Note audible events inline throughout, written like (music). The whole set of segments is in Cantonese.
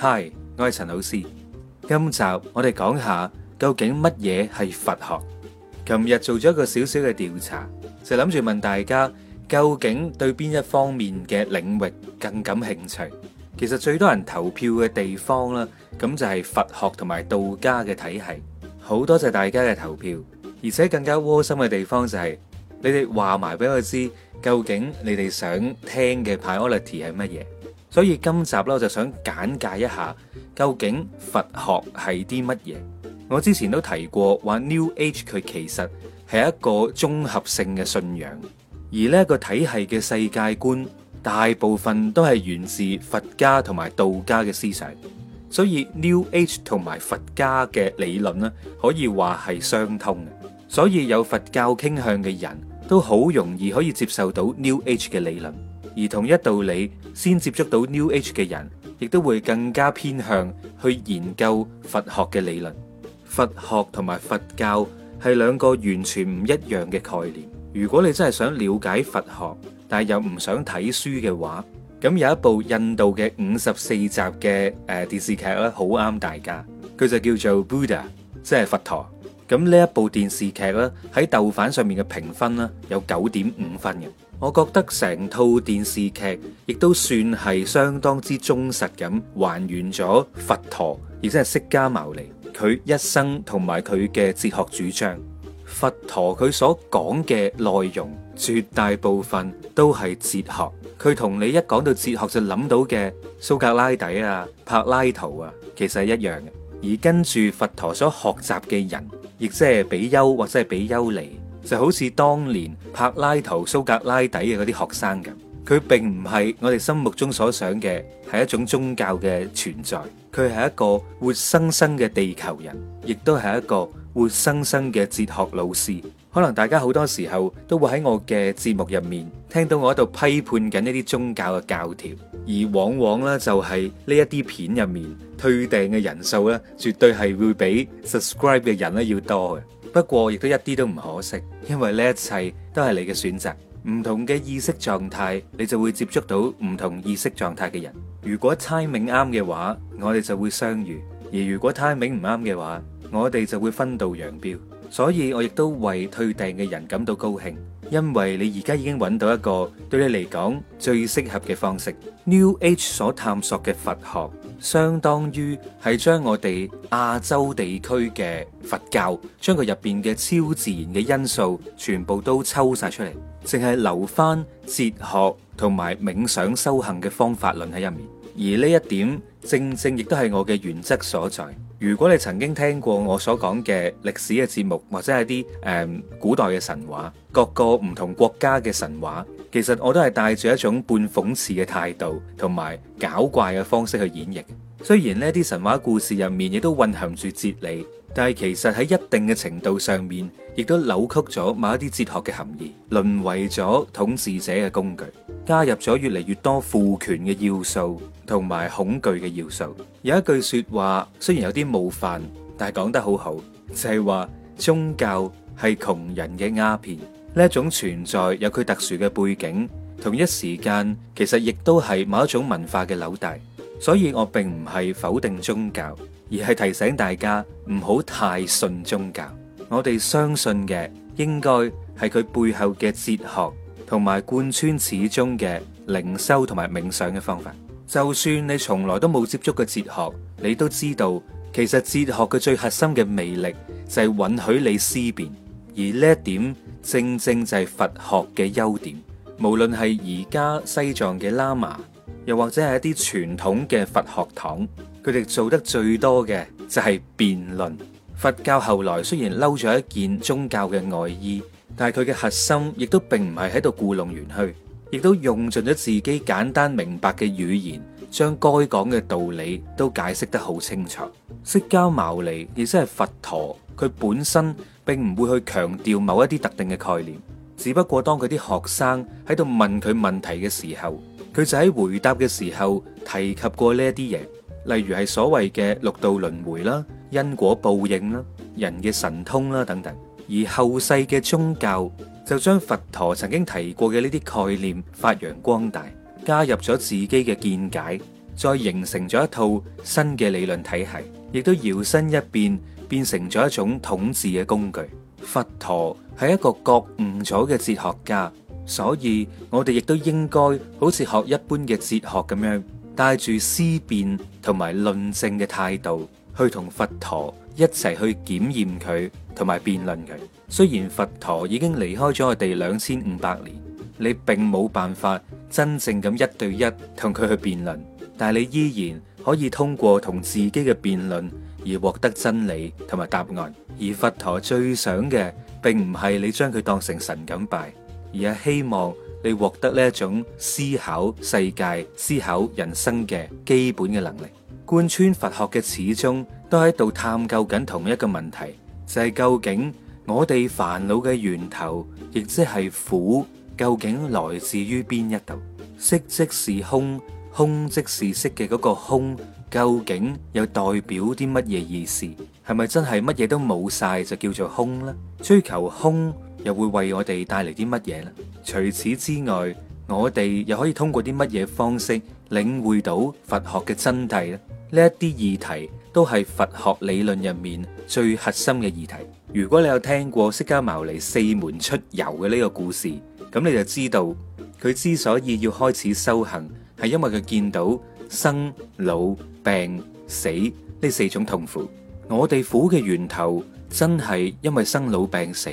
Hi，我係陳老師。今集我哋講下究竟乜嘢係佛學。琴日做咗一個小小嘅調查，就諗住問大家究竟對邊一方面嘅領域更感興趣。其實最多人投票嘅地方啦，咁就係佛學同埋道家嘅體系。好多謝大家嘅投票，而且更加窩心嘅地方就係你哋話埋俾我知，究竟你哋想聽嘅 priority 係乜嘢。所以今集啦，就想簡介一下究竟佛學係啲乜嘢。我之前都提過話，New Age 佢其實係一個綜合性嘅信仰，而呢個體系嘅世界觀，大部分都係源自佛家同埋道家嘅思想。所以 New Age 同埋佛家嘅理論咧，可以話係相通嘅。所以有佛教傾向嘅人都好容易可以接受到 New Age 嘅理論。而同一道理，先接觸到 New Age 嘅人，亦都會更加偏向去研究佛學嘅理論。佛學同埋佛教係兩個完全唔一樣嘅概念。如果你真係想了解佛學，但又唔想睇書嘅話，咁有一部印度嘅五十四集嘅誒電視劇咧，好啱大家，佢就叫做 Buddha，咁呢一部電視劇咧，喺豆瓣上面嘅評分咧有九點五分嘅。我覺得成套電視劇亦都算係相當之忠實咁還原咗佛陀，亦即係釋迦牟尼佢一生同埋佢嘅哲學主張。佛陀佢所講嘅內容，絕大部分都係哲學。佢同你一講到哲學就諗到嘅蘇格拉底啊、柏拉圖啊，其實係一樣嘅。而跟住佛陀所學習嘅人，亦即係比丘，或者係比丘尼，就好似當年柏拉圖、蘇格拉底嘅嗰啲學生咁。佢並唔係我哋心目中所想嘅係一種宗教嘅存在，佢係一個活生生嘅地球人，亦都係一個活生生嘅哲學老師。可能大家好多時候都會喺我嘅節目入面聽到我喺度批判緊一啲宗教嘅教條，而往往呢就係呢一啲片入面退訂嘅人數咧，絕對係會比 subscribe 嘅人呢要多嘅。不過亦都一啲都唔可惜，因為呢一切都係你嘅選擇。唔同嘅意識狀態，你就會接觸到唔同意識狀態嘅人。如果 timing 啱嘅話，我哋就會相遇；而如果 timing 唔啱嘅話，我哋就會分道揚鑣。所以我亦都為退訂嘅人感到高興，因為你而家已經揾到一個對你嚟講最適合嘅方式。New Age 所探索嘅佛學，相當於係將我哋亞洲地區嘅佛教，將佢入邊嘅超自然嘅因素全部都抽晒出嚟，淨係留翻哲學同埋冥想修行嘅方法論喺入面。而呢一點，正正亦都係我嘅原則所在。如果你曾經聽過我所講嘅歷史嘅節目，或者係啲誒古代嘅神話，各個唔同國家嘅神話，其實我都係帶住一種半諷刺嘅態度同埋搞怪嘅方式去演繹。雖然呢啲神話故事入面，亦都蘊含住哲理。但係其實喺一定嘅程度上面，亦都扭曲咗某一啲哲學嘅含義，淪為咗統治者嘅工具，加入咗越嚟越多父權嘅要素同埋恐懼嘅要素。有一句說話，雖然有啲冒犯，但係講得好好，就係話宗教係窮人嘅鴉片。呢一種存在有佢特殊嘅背景，同一時間其實亦都係某一種文化嘅紐帶。所以我並唔係否定宗教。而係提醒大家唔好太信宗教。我哋相信嘅應該係佢背後嘅哲學，同埋貫穿始終嘅靈修同埋冥想嘅方法。就算你從來都冇接觸過哲學，你都知道其實哲學嘅最核心嘅魅力就係允許你思辨。而呢一點正正就係佛學嘅優點，無論係而家西藏嘅喇嘛，又或者係一啲傳統嘅佛學堂。佢哋做得最多嘅就係辯論。佛教後來雖然褸咗一件宗教嘅外衣，但係佢嘅核心亦都並唔係喺度故弄玄虛，亦都用盡咗自己簡單明白嘅語言，將該講嘅道理都解釋得好清楚。釋迦牟尼亦即係佛陀，佢本身並唔會去強調某一啲特定嘅概念，只不過當佢啲學生喺度問佢問題嘅時候，佢就喺回答嘅時候提及過呢一啲嘢。例如係所謂嘅六道輪迴啦、因果報應啦、人嘅神通啦等等，而後世嘅宗教就將佛陀曾經提過嘅呢啲概念發揚光大，加入咗自己嘅見解，再形成咗一套新嘅理論體系，亦都搖身一變，變成咗一種統治嘅工具。佛陀係一個覺悟咗嘅哲學家，所以我哋亦都應該好似學一般嘅哲學咁樣，帶住思辨同埋論證嘅態度去同佛陀一齊去檢驗佢同埋辯論佢。雖然佛陀已經離開咗我哋兩千五百年，你並冇辦法真正咁一對一同佢去辯論，但係你依然可以通過同自己嘅辯論而獲得真理同埋答案。而佛陀最想嘅，並唔係你將佢當成神咁拜，而係希望。你獲得呢一種思考世界、思考人生嘅基本嘅能力，貫穿佛學嘅始終，都喺度探究緊同一個問題，就係究竟我哋煩惱嘅源頭，亦即係苦，究竟來自於邊一度？色即是空，空即是色嘅嗰個空，究竟又代表啲乜嘢意思？係咪真係乜嘢都冇晒就叫做空呢？追求空。又會為我哋帶嚟啲乜嘢呢？除此之外，我哋又可以通過啲乜嘢方式領會到佛學嘅真諦呢？呢一啲議題都係佛學理論入面最核心嘅議題。如果你有聽過釋迦牟尼四門出遊嘅呢個故事，咁你就知道佢之所以要開始修行，係因為佢見到生、老、病、死呢四種痛苦，我哋苦嘅源頭。真係因為生老病死。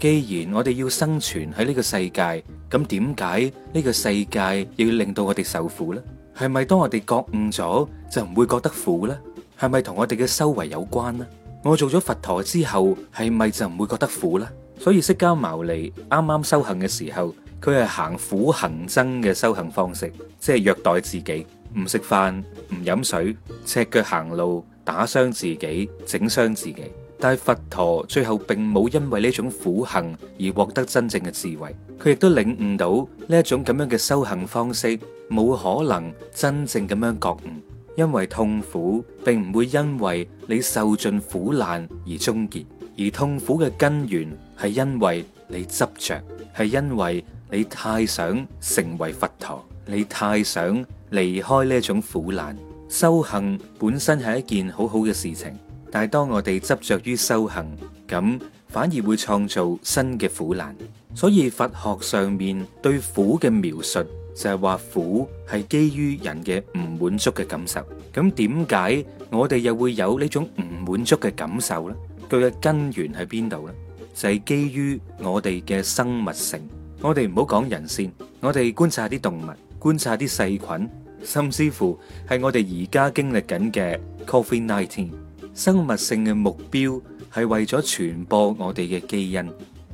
既然我哋要生存喺呢個世界，咁點解呢個世界又要令到我哋受苦呢？係咪當我哋覺悟咗就唔會覺得苦呢？係咪同我哋嘅修為有關呢？我做咗佛陀之後，係咪就唔會覺得苦呢？所以釋迦牟尼啱啱修行嘅時候，佢係行苦行僧嘅修行方式，即係虐待自己，唔食飯，唔飲水，赤腳行路，打傷自己，整傷自己。但佛陀最後並冇因為呢種苦行而獲得真正嘅智慧，佢亦都領悟到呢一種咁樣嘅修行方式冇可能真正咁樣覺悟，因為痛苦並唔會因為你受盡苦難而終結，而痛苦嘅根源係因為你執着，係因為你太想成為佛陀，你太想離開呢種苦難。修行本身係一件好好嘅事情。但係，當我哋執着於修行，咁反而會創造新嘅苦難。所以佛學上面對苦嘅描述就係話苦係基於人嘅唔滿足嘅感受。咁點解我哋又會有呢種唔滿足嘅感受呢？佢嘅根源喺邊度呢？就係基於我哋嘅生物性。我哋唔好講人先，我哋觀察下啲動物，觀察下啲細菌，甚至乎係我哋而家經歷緊嘅 COVID-19。生物性嘅目標係為咗傳播我哋嘅基因，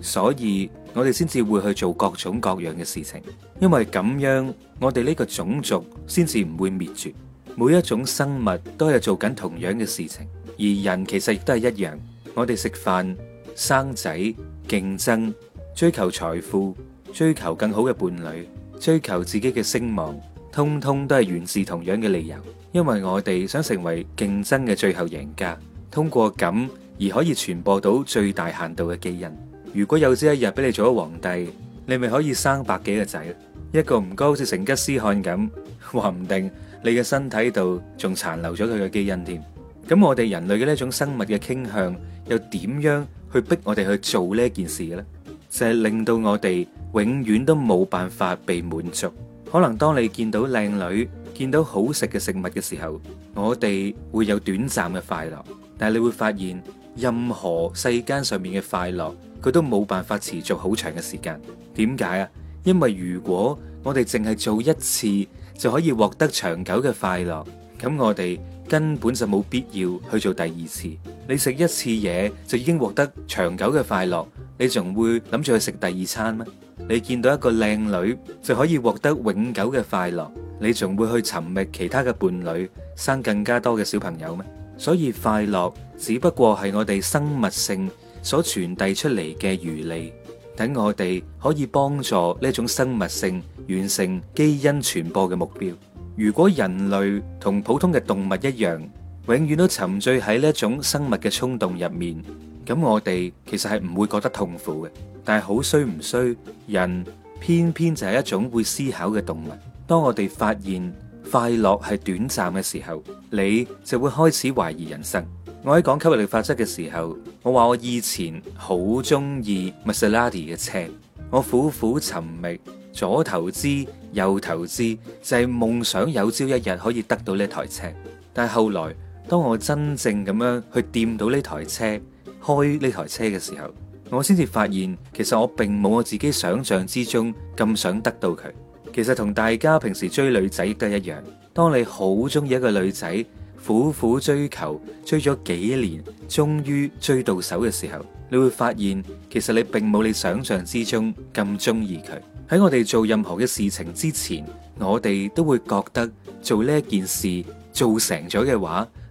所以我哋先至會去做各種各樣嘅事情。因為咁樣，我哋呢個種族先至唔會滅絕。每一種生物都係做緊同樣嘅事情，而人其實亦都係一樣。我哋食飯、生仔、競爭、追求財富、追求更好嘅伴侶、追求自己嘅聲望。通通都係源自同樣嘅理由，因為我哋想成為競爭嘅最後贏家，通過咁而可以傳播到最大限度嘅基因。如果有朝一日俾你做咗皇帝，你咪可以生百幾個仔，一個唔高好似成吉思汗咁，話唔定你嘅身體度仲殘留咗佢嘅基因添。咁我哋人類嘅呢一種生物嘅傾向，又點樣去逼我哋去做呢件事呢？就係令到我哋永遠都冇辦法被滿足。可能當你見到靚女、見到好食嘅食物嘅時候，我哋會有短暫嘅快樂。但係你會發現，任何世間上面嘅快樂，佢都冇辦法持續好長嘅時間。點解呀？因為如果我哋淨係做一次就可以獲得長久嘅快樂，咁我哋根本就冇必要去做第二次。你食一次嘢就已經獲得長久嘅快樂，你仲會諗住去食第二餐咩？你見到一個靚女就可以獲得永久嘅快樂，你仲會去尋覓其他嘅伴侶生更加多嘅小朋友咩？所以快樂只不過係我哋生物性所傳遞出嚟嘅馀利，等我哋可以幫助呢一種生物性完成基因傳播嘅目標。如果人類同普通嘅動物一樣，永遠都沉醉喺呢一種生物嘅衝動入面。咁我哋其實係唔會覺得痛苦嘅，但係好衰唔衰，人偏偏就係一種會思考嘅動物。當我哋發現快樂係短暫嘅時候，你就會開始懷疑人生。我喺講吸引力法則嘅時候，我話我以前好中意 Maserati 嘅車，我苦苦尋覓，左投資右投資，就係、是、夢想有朝一日可以得到呢台車。但係後來。當我真正咁樣去掂到呢台車，開呢台車嘅時候，我先至發現，其實我並冇我自己想象之中咁想得到佢。其實同大家平時追女仔都一樣。當你好中意一個女仔，苦苦追求，追咗幾年，終於追到手嘅時候，你會發現，其實你並冇你想象之中咁中意佢。喺我哋做任何嘅事情之前，我哋都會覺得做呢件事做成咗嘅話。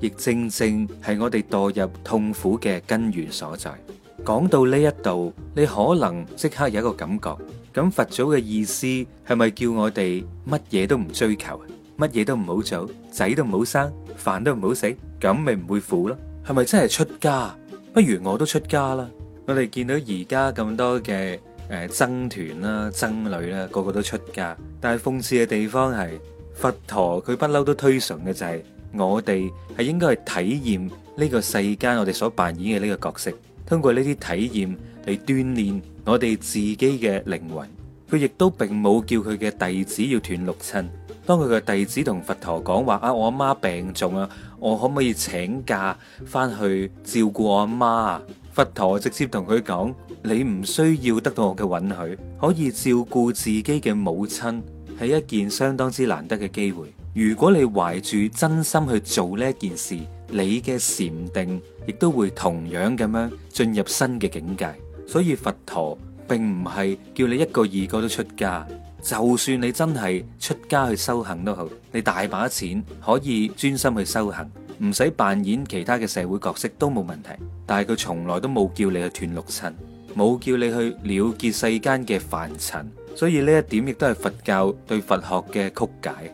亦正正係我哋墮入痛苦嘅根源所在。講到呢一度，你可能即刻有一個感覺，咁佛祖嘅意思係咪叫我哋乜嘢都唔追求啊？乜嘢都唔好做，仔都唔好生，飯都唔好食，咁咪唔會苦咯？係咪真係出家？不如我都出家啦！我哋見到而家咁多嘅誒僧團啦、僧侶啦，個個都出家，但係諷刺嘅地方係，佛陀佢不嬲都推崇嘅就係。我哋係應該去體驗呢個世間我哋所扮演嘅呢個角色，通過呢啲體驗嚟鍛煉我哋自己嘅靈魂。佢亦都並冇叫佢嘅弟子要斷六親。當佢嘅弟子同佛陀講話：啊，我阿媽病重啊，我可唔可以請假翻去照顧我阿媽啊？佛陀直接同佢講：你唔需要得到我嘅允許，可以照顧自己嘅母親，係一件相當之難得嘅機會。如果你懷住真心去做呢件事，你嘅禪定亦都會同樣咁樣進入新嘅境界。所以佛陀並唔係叫你一個二個都出家，就算你真係出家去修行都好，你大把錢可以專心去修行，唔使扮演其他嘅社會角色都冇問題。但係佢從來都冇叫你去斷六塵，冇叫你去了結世間嘅凡塵。所以呢一點亦都係佛教對佛學嘅曲解。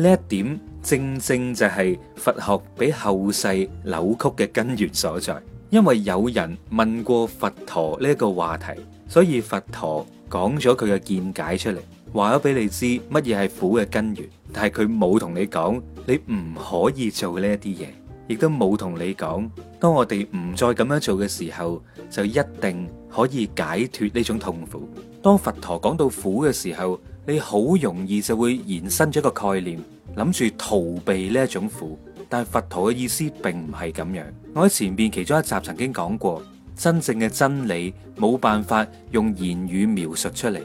呢一點正正就係佛學俾後世扭曲嘅根源所在，因為有人問過佛陀呢個話題，所以佛陀講咗佢嘅見解出嚟，話咗俾你知乜嘢係苦嘅根源，但係佢冇同你講你唔可以做呢一啲嘢，亦都冇同你講當我哋唔再咁樣做嘅時候，就一定可以解脫呢種痛苦。當佛陀講到苦嘅時候，你好容易就會延伸咗一個概念，諗住逃避呢一種苦，但係佛陀嘅意思並唔係咁樣。我喺前邊其中一集曾經講過，真正嘅真理冇辦法用言語描述出嚟。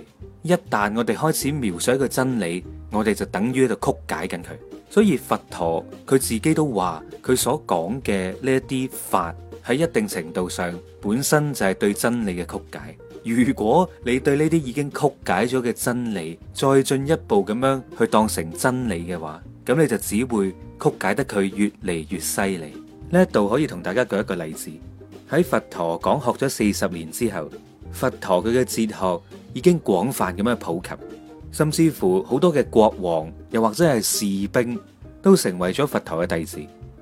一旦我哋開始描述一個真理，我哋就等於喺度曲解緊佢。所以佛陀佢自己都話，佢所講嘅呢一啲法喺一定程度上本身就係對真理嘅曲解。如果你對呢啲已經曲解咗嘅真理再進一步咁樣去當成真理嘅話，咁你就只會曲解得佢越嚟越犀利。呢一度可以同大家舉一個例子：喺佛陀講學咗四十年之後，佛陀佢嘅哲學已經廣泛咁樣普及，甚至乎好多嘅國王又或者係士兵都成為咗佛陀嘅弟子。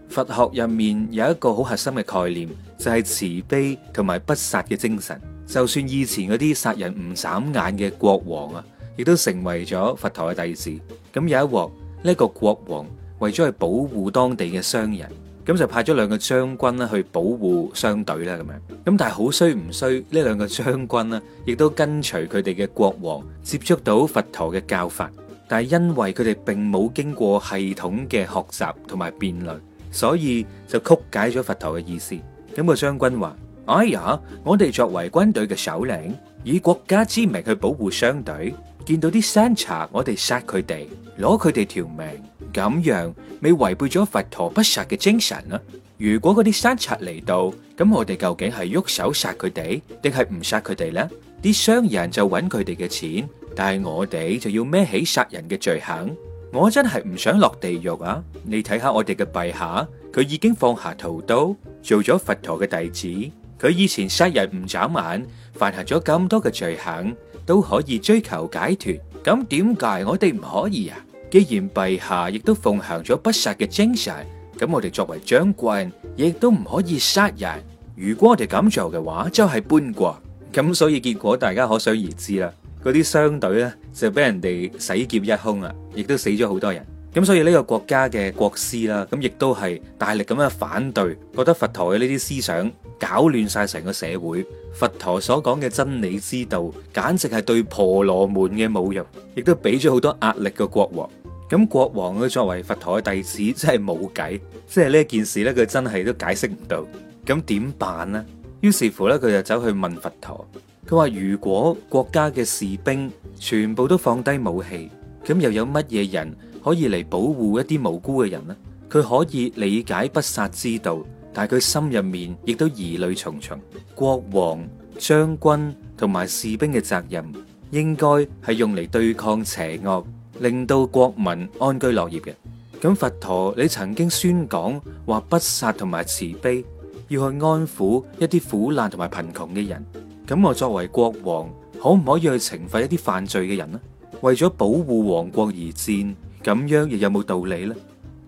佛學入面有一個好核心嘅概念，就係慈悲同埋不殺嘅精神。就算以前嗰啲殺人唔眨眼嘅國王啊，亦都成為咗佛陀嘅弟子。咁有一鑊呢個國王為咗去保護當地嘅商人，咁就派咗兩個將軍啦去保護商隊啦咁樣。咁但係好衰唔衰，呢兩個將軍呢，亦都跟隨佢哋嘅國王接觸到佛陀嘅教法，但係因為佢哋並冇經過系統嘅學習同埋辯論，所以就曲解咗佛陀嘅意思。咁個將軍話。哎呀！我哋作為軍隊嘅首領，以國家之名去保護商隊，見到啲山賊，我哋殺佢哋，攞佢哋條命，咁樣未違背咗佛陀不殺嘅精神啊？如果嗰啲山賊嚟到，咁我哋究竟係喐手殺佢哋，定係唔殺佢哋呢？啲商人就搵佢哋嘅錢，但係我哋就要孭起殺人嘅罪行，我真係唔想落地獄啊！你睇下我哋嘅陛下，佢已經放下屠刀，做咗佛陀嘅弟子。佢以前殺人唔眨眼，犯下咗咁多嘅罪行都可以追求解脱，咁點解我哋唔可以啊？既然陛下亦都奉行咗不殺嘅精神，咁我哋作為將軍亦都唔可以殺人。如果我哋咁做嘅話，就係叛國，咁所以結果大家可想而知啦。嗰啲商隊咧就俾人哋洗劫一空啦，亦都死咗好多人。咁所以呢個國家嘅國師啦，咁亦都係大力咁樣反對，覺得佛陀嘅呢啲思想搞亂晒成個社會。佛陀所講嘅真理之道，簡直係對婆羅門嘅侮辱，亦都俾咗好多壓力個國王。咁國王佢作為佛陀嘅弟子，真係冇計，即係呢件事呢，佢真係都解釋唔到。咁點辦呢？於是乎呢，佢就走去問佛陀，佢話如果國家嘅士兵全部都放低武器，咁又有乜嘢人可以嚟保護一啲無辜嘅人呢，佢可以理解不殺之道，但係佢心入面亦都疑慮重重。國王、將軍同埋士兵嘅責任應該係用嚟對抗邪惡，令到國民安居樂業嘅。咁佛陀你曾經宣講話不殺同埋慈悲，要去安撫一啲苦難同埋貧窮嘅人。咁我作為國王，可唔可以去懲罰一啲犯罪嘅人呢？為咗保護王國而戰。咁樣亦有冇道理呢？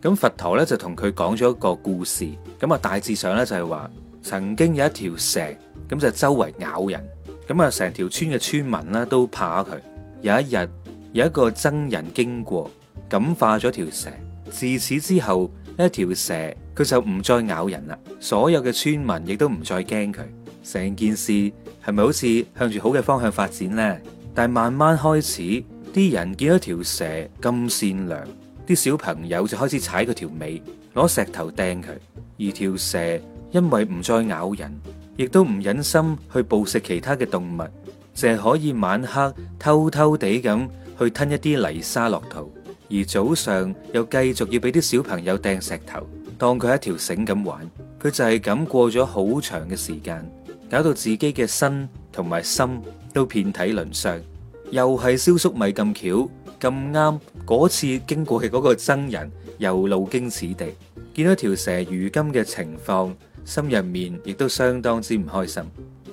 咁佛陀咧就同佢講咗一個故事，咁啊大致上咧就係話，曾經有一條蛇，咁就周圍咬人，咁啊成條村嘅村民咧都怕佢。有一日有一個僧人經過，感化咗條蛇，自此之後呢條蛇佢就唔再咬人啦，所有嘅村民亦都唔再驚佢。成件事係咪好似向住好嘅方向發展呢？但慢慢開始。啲人見咗條蛇咁善良，啲小朋友就開始踩佢條尾，攞石頭掟佢。而條蛇因為唔再咬人，亦都唔忍心去捕食其他嘅動物，淨係可以晚黑偷偷地咁去吞一啲泥沙落肚，而早上又繼續要俾啲小朋友掟石頭，當佢係一條繩咁玩。佢就係咁過咗好長嘅時間，搞到自己嘅身同埋心都遍體鱗傷。又係消粟米咁巧咁啱，嗰次經過嘅嗰個僧人又路經此地，見到條蛇如今嘅情況，心入面亦都相當之唔開心。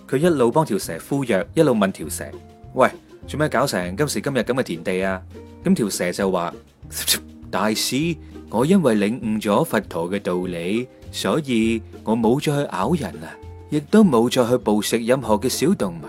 佢一路幫條蛇敷藥，一路問條蛇：喂，做咩搞成今時今日咁嘅田地啊？咁條蛇就話： (laughs) 大師，我因為領悟咗佛陀嘅道理，所以我冇再去咬人啊，亦都冇再去捕食任何嘅小動物。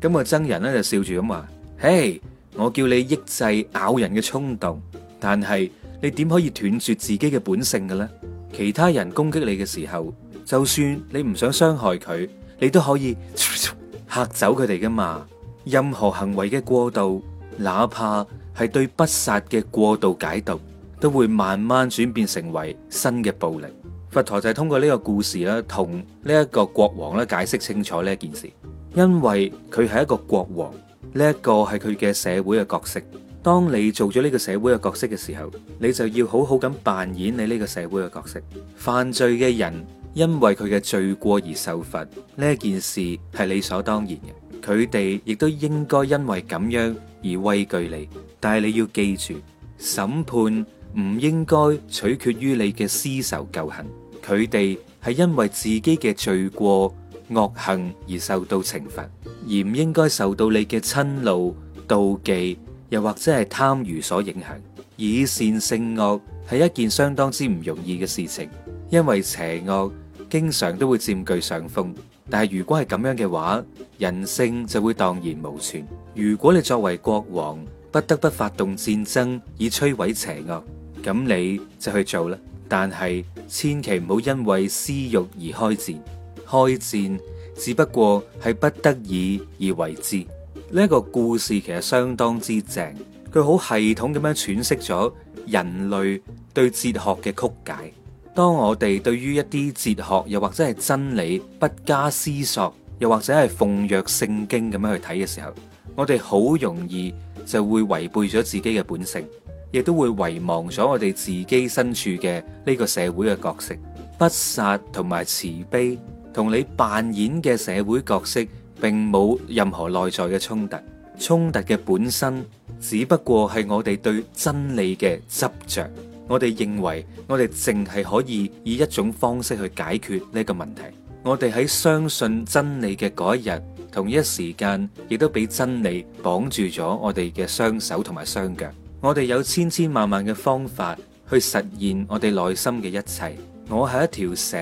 咁、這個僧人咧就笑住咁話。嘿，hey, 我叫你抑制咬人嘅衝動，但係你點可以斷絕自己嘅本性嘅咧？其他人攻擊你嘅時候，就算你唔想傷害佢，你都可以嚇 (laughs) 走佢哋噶嘛？任何行為嘅過度，哪怕係對不殺嘅過度解讀，都會慢慢轉變成為新嘅暴力。佛陀就係通過呢個故事啦，同呢一個國王咧解釋清楚呢一件事，因為佢係一個國王。呢一個係佢嘅社會嘅角色。當你做咗呢個社會嘅角色嘅時候，你就要好好咁扮演你呢個社會嘅角色。犯罪嘅人因為佢嘅罪過而受罰，呢件事係理所當然嘅。佢哋亦都應該因為咁樣而畏懼你。但係你要記住，審判唔應該取決於你嘅私仇舊恨。佢哋係因為自己嘅罪過、惡行而受到懲罰，而唔應該受到你嘅親怒、妒忌，又或者係貪欲所影響。以善勝惡係一件相當之唔容易嘅事情，因為邪惡經常都會佔據上風。但係如果係咁樣嘅話，人性就會蕩然無存。如果你作為國王不得不發動戰爭以摧毀邪惡，咁你就去做啦。但係千祈唔好因為私欲而開戰。開戰只不過係不得已而為之。呢一個故事其實相當之正，佢好系統咁樣詮釋咗人類對哲學嘅曲解。當我哋對於一啲哲學又或者係真理不假思索，又或者係奉若聖經咁樣去睇嘅時候，我哋好容易就會違背咗自己嘅本性，亦都會遺忘咗我哋自己身處嘅呢個社會嘅角色，不殺同埋慈悲。同你扮演嘅社會角色，並冇任何內在嘅衝突。衝突嘅本身，只不過係我哋對真理嘅執着。我哋認為，我哋淨係可以以一種方式去解決呢個問題。我哋喺相信真理嘅嗰一日，同一時間亦都俾真理綁住咗我哋嘅雙手同埋雙腳。我哋有千千萬萬嘅方法去實現我哋內心嘅一切。我係一條蛇。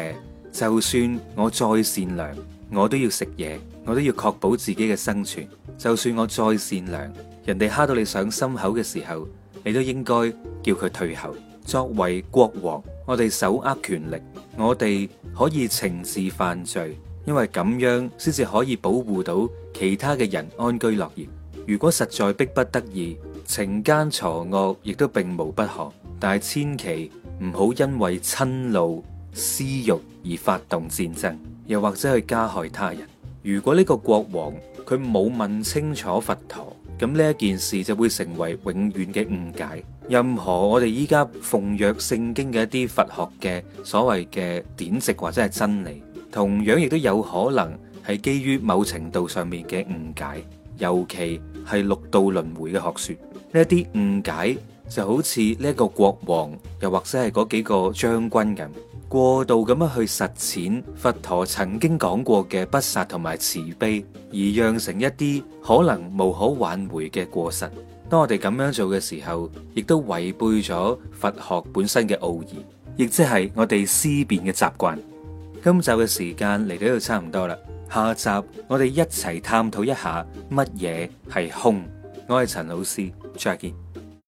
就算我再善良，我都要食嘢，我都要確保自己嘅生存。就算我再善良，人哋蝦到你上心口嘅時候，你都應該叫佢退後。作為國王，我哋手握權力，我哋可以懲治犯罪，因為咁樣先至可以保護到其他嘅人安居樂業。如果實在逼不得已，懲奸鋤惡亦都並無不可。但係千祈唔好因為親怒私慾。而發動戰爭，又或者去加害他人。如果呢個國王佢冇問清楚佛陀，咁呢一件事就會成為永遠嘅誤解。任何我哋依家奉若聖經嘅一啲佛學嘅所謂嘅典籍或者係真理，同樣亦都有可能係基於某程度上面嘅誤解。尤其係六道輪迴嘅學說。呢一啲誤解就好似呢一個國王，又或者係嗰幾個將軍咁。過度咁樣去實踐佛陀曾經講過嘅不殺同埋慈悲，而釀成一啲可能無可挽回嘅過失。當我哋咁樣做嘅時候，亦都違背咗佛學本身嘅奧義，亦即係我哋思辨嘅習慣。今集嘅時間嚟到呢度差唔多啦，下集我哋一齊探討一下乜嘢係空。我係陳老師，再見。